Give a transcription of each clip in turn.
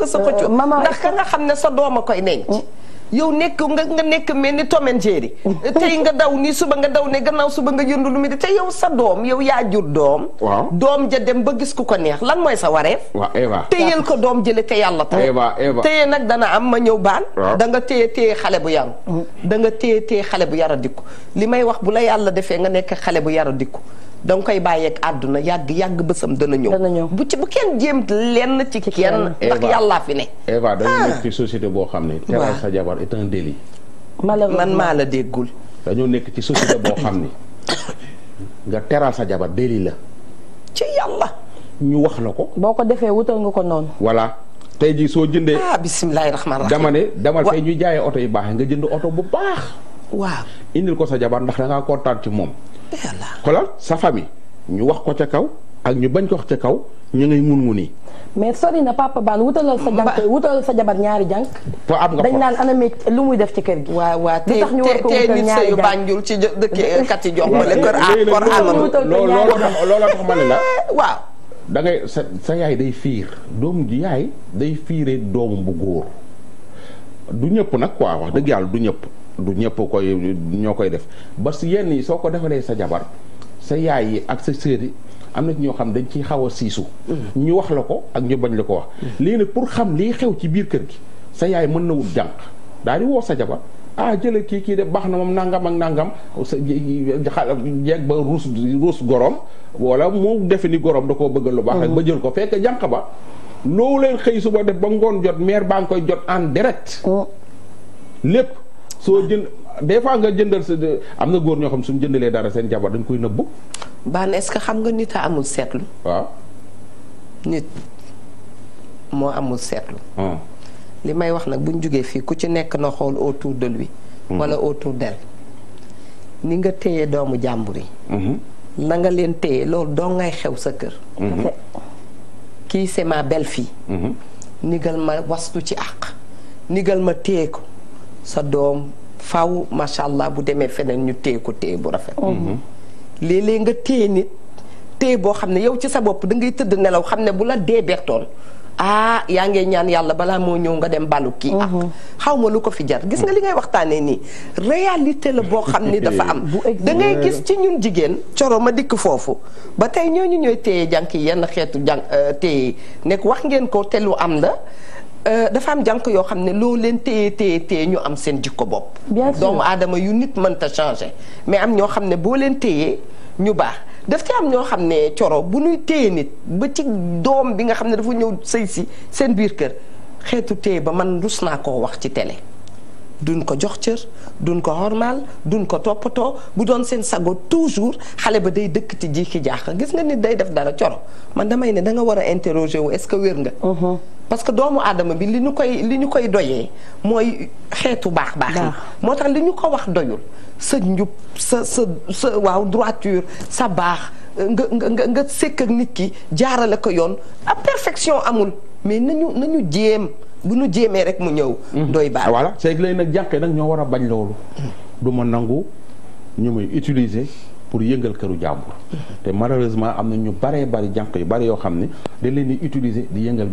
tax nga sa xëccu eh, ndax ka nga xam ne sa doom a koy denc mm. yow nekk nga nga nekk mel ni Tom and Jerry tey nga daw nii suba nga daw ne gannaaw suba nga jënd lu mu di te yow sa doom yow yaa jur doom doom ja dem ba gis ku ko neex lan mooy sa wareef waaw Eva ko doom jële te yàlla ta Eva Eva nag dana am ma ñëw baan danga nga te téye xale bu yaru da nga téye téye xale bu yara mm. dikku li may wax bu la yàlla defee nga nekk xale bu yara dikku da nga koy bàyyeeg àdduna yàgg yàgg bësam dana ñëw. bu ci bu kenn jéem lenn ci kenn. ndax yàllaa fi ne. Eva dañu ah. nekk ci société boo xam ne. sa jabar est un délit. malheureusement man maa la déggul. dañoo nekk ci société boo xam ni nga teral sa jabar délit la. ci yàlla. ñu wax la ko. boo ko defee wutal nga ko noonu. voilà. tey jii soo jëndee ah bisimilah rahmaani rahiim dama ne dama ñu jaayee oto yi baax nga jënd oto bu baax. waaw indil ko sa jabar ndax da ko kontaan ci moom. xoolal sa famille ñu wax ko ca kaw ak ñu bañ ko wax ca kaw ñu ngay mun mu mais sori na papa baan wutalal sa sa jabar ñaari jànk po am nga dañ naan anamee lu muy def ci kër gi waaw te te nit sëyu bànjul ci dëkk kat yi jox bale kër a kor ama loolu tax ma ne la waaw da ngay sa sa yaay day fiir doom ji yaay day fiiree doomam bu góor du ñëpp nag quoi wax dëgg yàlla du ñëpp du ñëpp koy ñoo koy def ba si yenn yi soo ko defalee sa jabar sa yaay yi ak sa sœur yi am na ci ñoo xam dañ ciy xaw a siisu. Mm-hmm. ñu wax la ko ak ñu bañ la ko wax. Mm-hmm. lii nag pour xam lii xew ci biir kër gi sa yaay mën na wut jànq daal di woo sa jabar ah jële kii kii de baax na moom nangam ak nangam sa jeeg ba ruus ruus gorom wala mu defe ni gorom da koo bëgg lu baax rek mm-hmm. ba jël ko fekk jànq ba loolu leen xëy suba def ba ngoon jot maire baa ngi koy jot en direct oh. lépp. soo jënd des fois nga jëndal sa am na góor ñoo xam suñu jëndalee dara seen jabar dañ koy nëbbu. baan est-ce que xam nga nit a amul seetlu. waaw. nit moo amul seetlu. Ah. li may wax nag buñ jógee fii ku ci nekk na xool autour de wi hmm. wala autour d'elle. ni nga téye doomu jàmbur yi. Hmm. na nga leen téye loolu doo ngay xew sa kër. Hmm. kii c'est ma belle-fille. ma wastu ci àq. nigal ma téye ko sa doom. faaw macha allah bu demee feneen ñu téye ko téye bu rafet. Oh. Mhm. léeg nga téye nit téye boo xam ne yow ci sa bopp da ngay tëdd nelaw xam ne bu la dee bertoon ah yaa ngee ñaan yàlla balaa moo ñëw nga dem balu kii ak ah, mhm. xaw ma lu ko fi jar gis nga li ngay waxtaanee nii réalité la boo xam ni dafa am da gis ci ñun jigéen coro ma dikk foofu ba tey ñooñu ñooy téye jànk yi yenn xeetu jànk euh, téye nekk wax ngeen ko te lu am la Euh, dafa am jànk yoo xam ne loo leen téye téye téye ñu am seen jikko bopp. bien doomu aadama yu nit mënta changer mais am ñoo xam ne boo leen téyee ñu baax. daf ci am ñoo xam ne coro bu ñuy téye nit ba ci doom bi nga xam ne dafa ñëw sëy si seen biir kër xeetu téye ba man rus naa ko wax ci télé. duñ ko jox cër duñ ko hormal duñ ko toppatoo bu doon seen sago toujours xale ba day dëkk ti ji ki jaax gis nga nit day def dara coro man damay ne da nga war a interroger wu est-ce que wér nga. Uh-huh. parce que doomu aadama bi li ñu koy li ñu koy doyee mooy xeetu baax baax moo tax li ñu ko wax doyul sa njub sa sa sa waaw droiture sa baax nga nga nga sekk nit ki jaarale ko yoon a perfection amul mais nañu nañu jéem bu nu jéemee rek mu ñëw. Hmm. doy baax ah, voilà c'est que nag jànq yi nag ñoo war a bañ loolu. du ma nangu ñu muy utiliser pour yëngal këru jàmbur. te malheureusement am na ñu baree bari jànq yu bari yoo xam ne dañ leen di utiliser di yëngal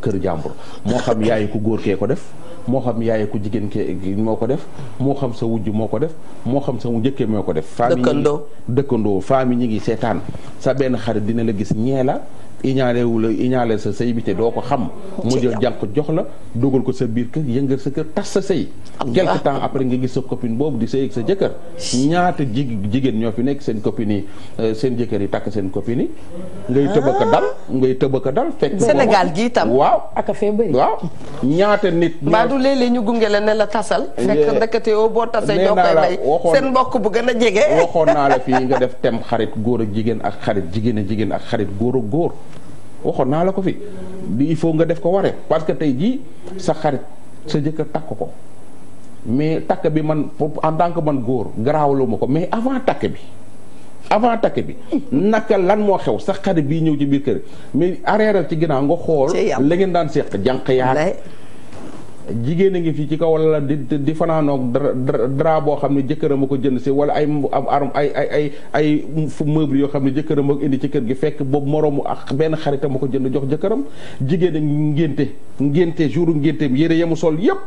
kër jàmbur moo xam yaayu ku góor kee ko def. moo xam yaay ku jigéen kee moo ko def moo xam sa wujj moo ko def moo xam sa njëkkee moo ko def. dëkkandoo famille dëkkandoo famille ñi ngi seetaan sa benn xarit dina la gis ñee la iñaale wu la iñaale sa sey bi te doo ko xam mu jël jànq jox la dugal ko sa biir kër yëngal sa kër tas sa sey sëy quelque temps après nga gis sa copine boobu di sëy ak sa jëkkër ñaata ji jigéen ñoo fi nekk seen copine yi euh, seen jëkkër yi takk seen copine yi ngay tëbaka dal ah. ngay tëbaka dal fekk Sénégal gi tam waaw a fee ñaata nit mbaa du ñu gunge la ne la tasal fekk ndekete yoo boo tasee ñoo koy lay seen mbokk bu gën a jege waxoon naa la fii nga def tem xarit góor ak jigéen ak xarit jigéen ak jigéen ak xarit góor ak góor waxoon naa la ko fi di il faut nga def ko waree parce que tey jii sa xarit sa jëkkër takk ko mais takk bi man en tant que man góor garaawlu ma ko mais avant takk bi avant takk bi naka lan moo xew sax xarit bii ñëw ci biir kër mais arrière ci ginnaaw nga xool la ngeen daan seq jànq yaa jigéen a ngi fii ci kaw wala di di fanaanoog dra boo xam ne jëkkëram a ko jënd si wala ay am ay ay ay ay meuble yoo xam ne jëkkëram a ko indi ci kër gi fekk boobu moroomu ak benn xaritam a ko jënd jox jëkkëram jigéen a ngénte ngénte jouru ngénteem yére yamu sol yëpp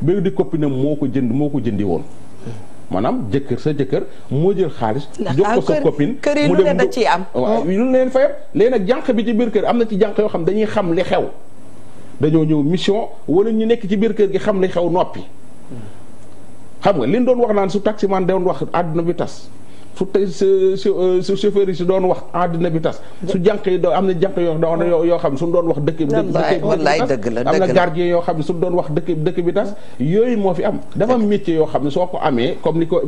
ba di copinam moo ko jënd moo ko jëndi woon maanaam jëkkër sa jëkkër moo jël xaalis jox ko sa copine mu dem lu leen da ciy am waaw lu leen fayam léegi nag jànq bi ci biir kër am na ci jànq yoo xam dañuy xam li xew dañoo ñëw mission wala ñu nekk ci biir kër gi xam ne xew noppi. xam nga liñ doon wax naan su taximaan doon wax àdduna bi tas. su tey su chauffeur yi si doon wax àddina bi tas su jànq yi am na jànq yoo yoo xam suñu doon wax dëkk bi am na gardien xam ne suñu doon wax dëkk yooyu moo fi am dafa am métier yoo xam ne soo ko amee comme ni ko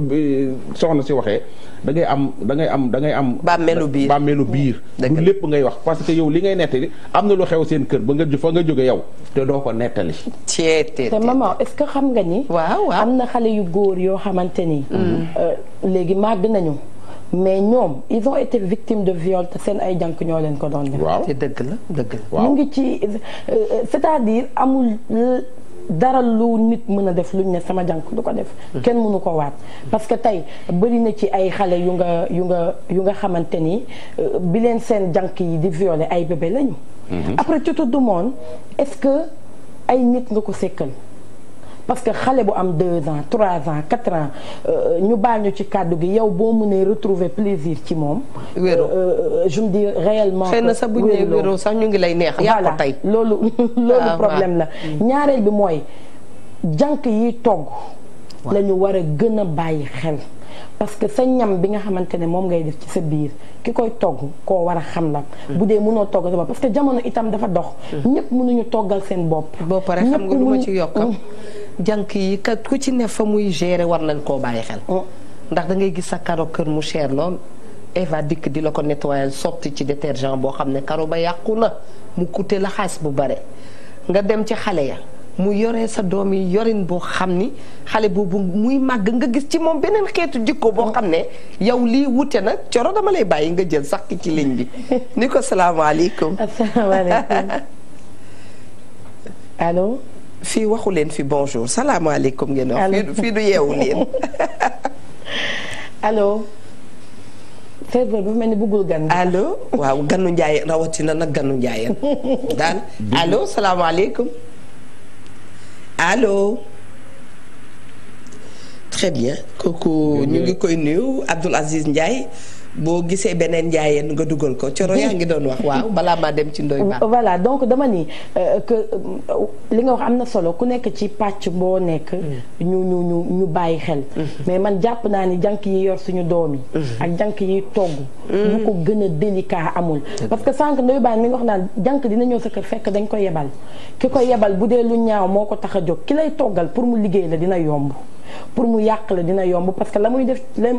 soxna si waxee da ngay am da ngay am da ngay am bàmmeelu biir bàmmeelu biir du lépp ngay wax parce que yow li ngay nettali am na lu xew seen kër ba nga fa nga jóge yow doo ko nettali te maman est xam nga ni waaw waaw am na xale yu góor yoo xamante ni mm. euh, léegi màgg nañu mais ñoom ils ont été victimes de viol te seen ay jànk ñoo leen ko doon def. waaw dëgg la dëgg la. mu ci euh, c'est-à-dire amul dara lu nit mën a def lu ñu ne sama jànk du ko def. Hmm. kenn mënu ko waat parce que tey bëri na ci ay xale yu nga yu nga yu nga xamante ni euh, bi leen seen jànk yi di violer ay bébé lañu. Hmm. après ci tout le monde est-ce que ay nit nga ko sekkal. parce que xale bu am deux ans trois ans quatre ans euh, ñu baal ñu ci kàddu gi yow boo mënee retrouver plaisir ci moom. wéro euh, euh, je me dis réellement. xëy na sax bu sax ñu ngi lay neex. yaa ko tey loolu loolu ah, problème la. Mm. ñaareel bi mooy jànq yi togg. la ñu war a gën a bàyyi xel. parce que sa ñam bi nga xamante ne moom ngay def ci sa biir ki koy togg koo war a xam la. Mm. bu dee munoo togg sa bopp parce que jamono itam dafa dox. Mm. nu ñu toggal seen bopp. boo nga lu ma ci janq yi kat ku ci ne fa muy gérer war nañ koo bàyyi xel. Oh. ndax dangay gis sa karo kër mu cher lool. Eva dikk di la ko nettoyal sotti ci détergent boo xam ne karo ba yàqu na mu coûté la xaalis bu bare nga dem ci xale ya mu yore sa doom yi yorin boo xam ni xale boobu muy màgg nga gis ci moom beneen xeetu jikko boo oh. xam ne yow lii wute na coro dama lay bàyyi nga jël sax ci ligne bi ni ko salaamaaleykum. asalaamaaleykum allo. fi waxu leen fi bonjour salaamaaleykum ngeen wax fii du yeewu leen allo feebar bu mel ni bëggul gan allo waaw ganu njaayeen rawatina na ganu njaayeen daal allo salaamaaleykum allo très bien kooku ñu ngi koy nuyu Abdoul Aziz Ndiaye boo gisee beneen njaayeen nga dugal ko coro yaa ngi doon wax waaw balaa maa dem ci ndoy baax voilà donc dama nii euh, que euh, li nga wax am na solo ku nekk ci pàcc boo nekk mm. ñu ñu ñu ñu bàyyi xel mm. mais man jàpp naa ni jànq yi yor suñu doom yi mm. ak jànq yi togg lu ko gën a délicat amul parce que sànq ndoy baan mi nga wax naan jank dina ñëw sa kër fekk dañ ko yebal ki ko yebal bu dee lu ñaaw moo ko tax a jóg ki lay toggal pour mu liggéey la dina yomb pour mu yàq la dina yomb parce que la muy def euh,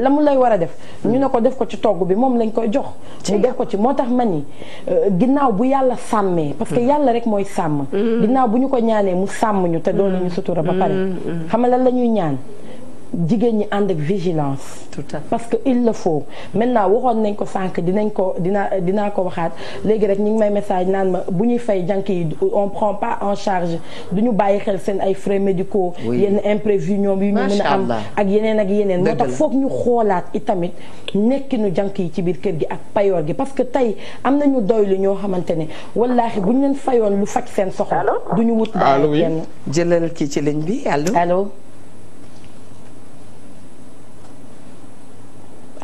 la mu lay war a def ñu ne ko def ko ci togg bi moom lañ koy jox mu def ko ci moo tax ma ni euh, ginnaaw bu yàlla sàmmee parce que mm. yàlla rek mooy sàmm mm. ginnaaw bu ñu ko ñaanee mu sàmm ñu te doon mm. nañu sutura ba pare xam lan la ñuy ñaan jigéen ñi ànd ak vigilance. tout parce que il le faut maintenant waxoon nañ ko sànq dinañ ko dinaa dinaa ko waxaat léegi rek ñu ngi may message naan ma bu ñuy fay jànk yi on prend pas en charge du ñu bàyyi xel seen ay frais médicaux. yenn imprévu ñoom yu ñu mën a am ak yeneen ak yeneen. moo tax foog ñu xoolaat itamit nekkinu jànk yi ci biir kër gi ak payoor gi parce que tey am na ñu doylu ñoo xamante ne wallaahi bu ñu leen fayoon lu faj seen soxla. du ñu wut daal kenn jëlal kii ci ligne bi allo.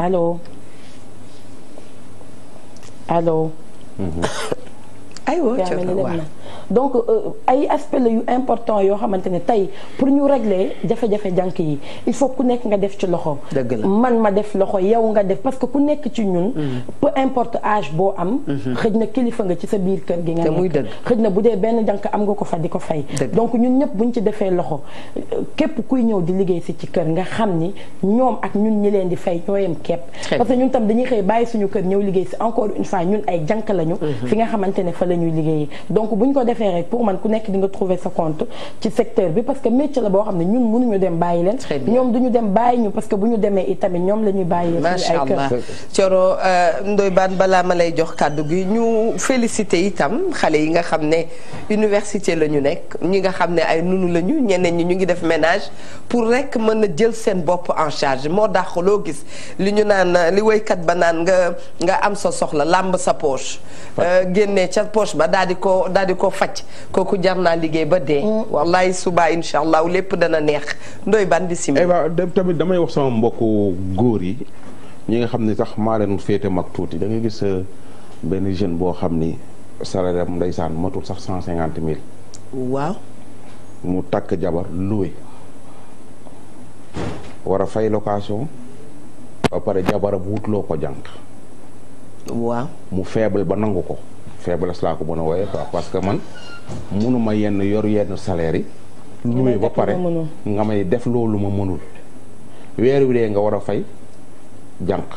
allo allo. aywa coono waaw donc euh, ay aspect la yu important yoo xamante ne tey pour ñu régler jafe-jafe jànk yi il faut ku nekk nga def ci loxo man ma def loxo yow nga def parce que ku nekk ci ñun mm-hmm. peu importe âge boo am mm-hmm. xëj na kilifa nga ci sa biir kër gi nga nekk xëj na bu dee benn jànk am nga ko fa di ko fay donc ñun ñëpp buñ ci defee loxo képp kuy ñëw di liggéey si ci kër nga xam ni ñoom ak ñun ñi leen di fey ñoo yem képp parce que ñun tam dañuy xëy bàyyi suñu kër ñëw liggéey si encore une fois ay jànk lañu mm-hmm. fi nga xamante ne fa la ñuy liggéeyee defee rek pour man ku nekk di nga trouver sa compte ci secteur bi parce que métier la boo xam ne ñun mënuñu dem bàyyi leen ñoom duñu dem bàyyi ñu parce que bu ñu demee itamit ñoom la bàyyi macha euh, balaa ma lay jox kàddu gi ñu félicité itam xale yi nga xam ne université la ñu nekk ñi nga xam ne ay nunu lañu ñu ñeneen ñi ñu ngi def ménage pour rek mën na jël seen bopp en charge moo dàq loo gis li ñu naan li woykat ba naan nga nga am sa soxla làmb sa poche euh, génnee ca poche ba daal di ko daal di ko faj kooku jar liggéey ba dee. Mm. wallaay subaa incha allah lépp dana neex ndoy ban bisimilah. Eva dem tamit damay wax sama mbokku góor yi ñi nga xam ni sax maa leen féete mag tuuti da ngay gis euh, benn jeune boo xam ni salaire am ndeysaan matul sax cent cinquante mille. waaw. mu takk jabar loué war a fay location ba pare jabaram wutloo ko jànq waaw mu faible ba nangu ko. faiblesse laa ko mën a wooyee parce que man mënuma yenn yor yenn salaire yi. luwee ba pare nga may def loolu ma mënul. weer wi dee nga war a fay janq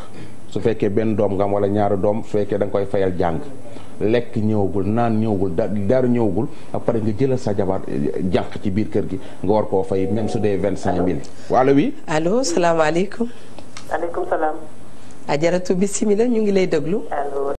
su fekkee benn doom nga am wala ñaari doom su fekkee da nga koy fayal jàng lekk ñëwagul naan ñëwagul da dara ñëwagul ak pare nga jëlal sa jabar jànq ci biir kër gi nga war koo fay même su dee vingt cinq mille. allo oui. allo salaamaaleykum. aleykum salaam. ajaratu bisimilah ñu ngi lay déglu. allo